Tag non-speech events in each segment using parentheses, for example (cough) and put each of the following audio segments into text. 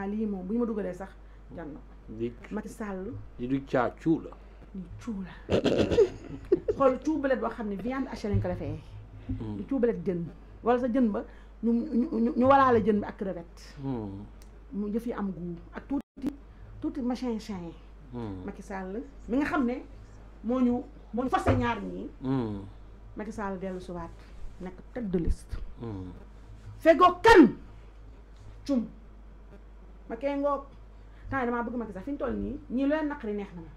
naa lii moom bu ñu ma dugalee sax jàmm di Macky Sall. di du caa cuu la. cuu la xool cuubalet boo xam ne viande hachée lañ ko defee. di hmm. cuubalet jën wala sa jën ba ñu ñu ñu walaale jën bi ak crevette. Hmm. mu jëf yi am guub ak tuuti tuuti machin chan hmm. Macky Sall mi nga xam ne moo ñu moo ñu forcé ñaar ñii. Macky Sall dellu si waat nekk tête de liste. fegoo kan cum. ma kee ngoog temps yi damaa bëgg Macky Sall fi ñu toll nii ñii lu leen naqari neex na ma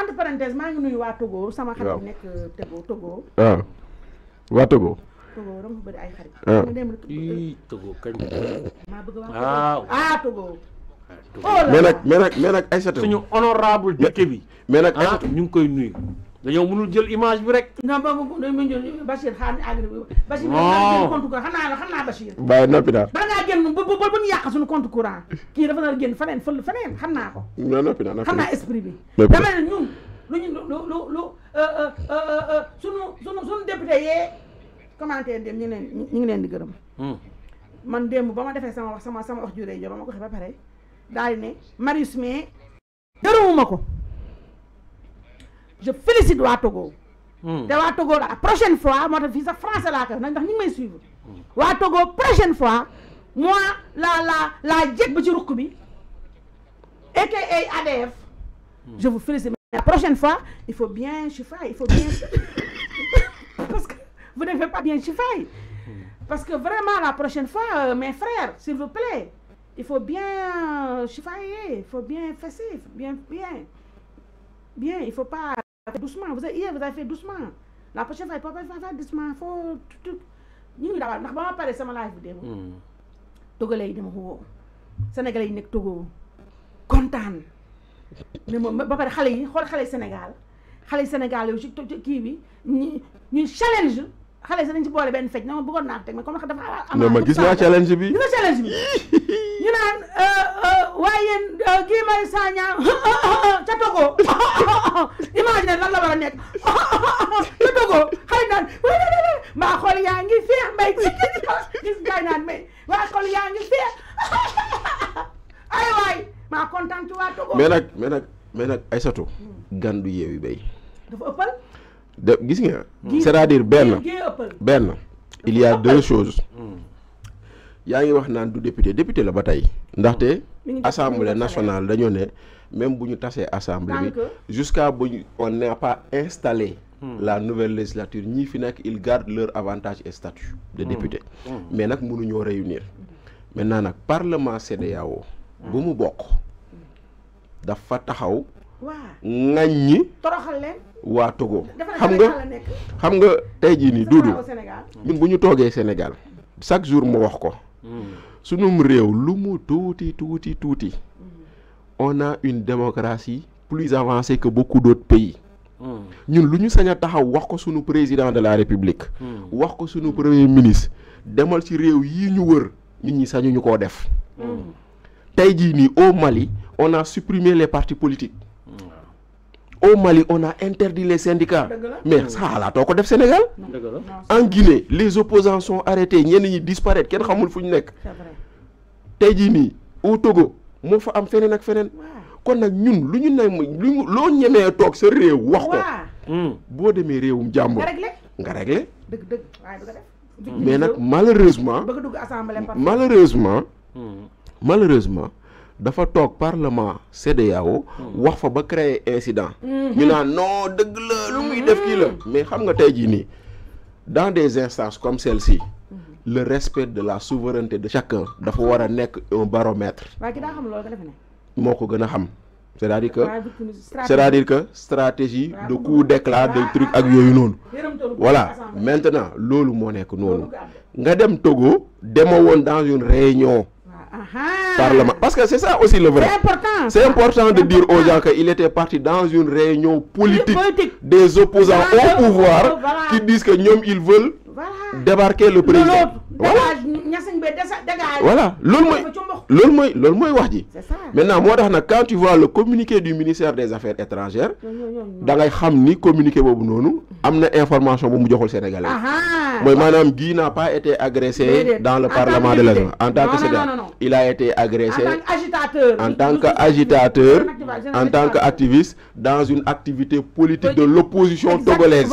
entre parenthèse maa ngi nuyu waa Togo sama xarit euh, Togo Togo waaw ah. waa Togo Togo dama bëri ay xarit ah. ma dem euh, Togo kañ maa bëgg waa ah Togo ah, oh mais nag mais nag mais nag Aïssatou suñu honorable dëkk bi mais nag Aïssatou ñu koy nuyu dañoo mënul jël image bi rek. non boobu dañ ma jël Bachir xaar ne agri Bachir. xam naa xam naa Bachir. bàyyi noppi daal. bala ngaa ba ba ba ñu compte courant kii dafa nar a génn feneen fël feneen xam naa ko. non noppi daal xam naa esprit bi. dama ne ñun lu ñu lu lu lu suñu suñu suñu député yee commenté dem ñu leen ñu ngi leen di gërëm. Hmm. man démb ba ma defee sama wax sama sama wax juree jo ba ma ko waxee ba pare daa di ne Marius mais gërëmuma ko. je félicite Watogo. Togo. Hmm. la prochaine fois moi français ndax prochaine fois moi la la la bi ci aka ADF. je vous félicite la prochaine fois il faut bien chiffrer il faut bien (laughs) parce que vous ne faites pas bien chiffrer parce que vraiment la prochaine fois euh, mes frères s'il vous plaît il faut bien euh, chiffrer il faut bien fessif, bien bien bien il faut pas doucement vous avez hier vous avez fait doucement la prochaine foo tuuti ñu ngi daawal ndax ba ma pare sama live bu démb. Hmm. togolais yi dama ko woo sénégalais yi nekk Togo kontaan ne ma ba pare xale yi xool xale Sénégal xale Sénégal yow ci kii bi ñu ñu challenge xale si dañ boole benn fecc na ma bëggoon naa teg mais dafa am. am ma challenge bi gis (laughs) naan euh, euh, waaye yéen euh, kii may Saña. (laughs) dogoo imagine lan la war a nekk nga dogoo xëy xol yaa ngi feex mbay (laughs) gis gaay (laughs) gis nga cest benn il y a deux yaa wax nan du député député la bataille. tey ndaxte mm. assemblée nationale dañoo né même buñu tassé assemblée bi jusqu'à buñu on n'a pas installé hmm. la nouvelle législature ñi fi nak ils gardent leur avantage et statut de hmm. député hmm. mais mënu ñoo réunir maintenant nak parlement CDAO bu mu da fa taxaw ŋàññi toroxal leen wa Togo xam nga xam nga tay jii nii ñun bu Sénégal chaque jour mu wax ko sunum réew lu mu tuuti tuuti tuuti on a une démocratie plus avancée que beaucoup d'autres pays ñun lu ñu sañ taxaw wax ko sunu président de la république wax ko sunu premier ministre demal ci réew yi ñu wër nit ñi sañu ñu koo def mm. tey jii nii au Mali on a supprimé les partis politiques au Mali on a interdit les syndicats mais ça xalaatoo ko def Sénégal en Guinée les opposants sont arrêtés ñenn ñi disparaître Qu'est-ce xamul fu ñu nekk tey jii au Togo Ils fa am feneen ak feneen kon nag ñun lu ñu ne lu loo ñemee toog sa réew wax ko hmm. boo demee réewum jàmbur nga réglé dëgg dëgg mais malheureusement malheureusement hmm. malheureusement dafa tok parlement cdao hmm. wax fa ba créer incident hmm. ñu na non deug la lu muy def ki la hmm. mais xam nga tay ji ni dans des instances comme celle-ci le respect de la souveraineté de chacun dafa war a un baromètre moo ko moko gëna xam c'est-à-dire que c'est-à-dire que stratégie de coup d'éclat de ah, truc ah, ak yoyu non ah, voilà maintenant loolu mo nek non. nga dem Togo demo won dans une réunion ah, ah. Parlement. Parce que c'est ça aussi le vrai. C'est important. de dire aux gens qu'il était parti dans une réunion politique, des opposants au pouvoir qui disent que nous, ils veulent débarquer le président voilà loolu mooy loolu mooy loolu maintenant moi dans quand tu vois le communiqué du ministère des affaires étrangères da ngay xam ni communiqué bobu noonu amna information bu mu joxul sénégalais Guy n'a pas été agressé dans le parlement de la en tant que il a été agressé en tant qu'agitateur en tant qu'activiste dans une activité politique de l'opposition togolaise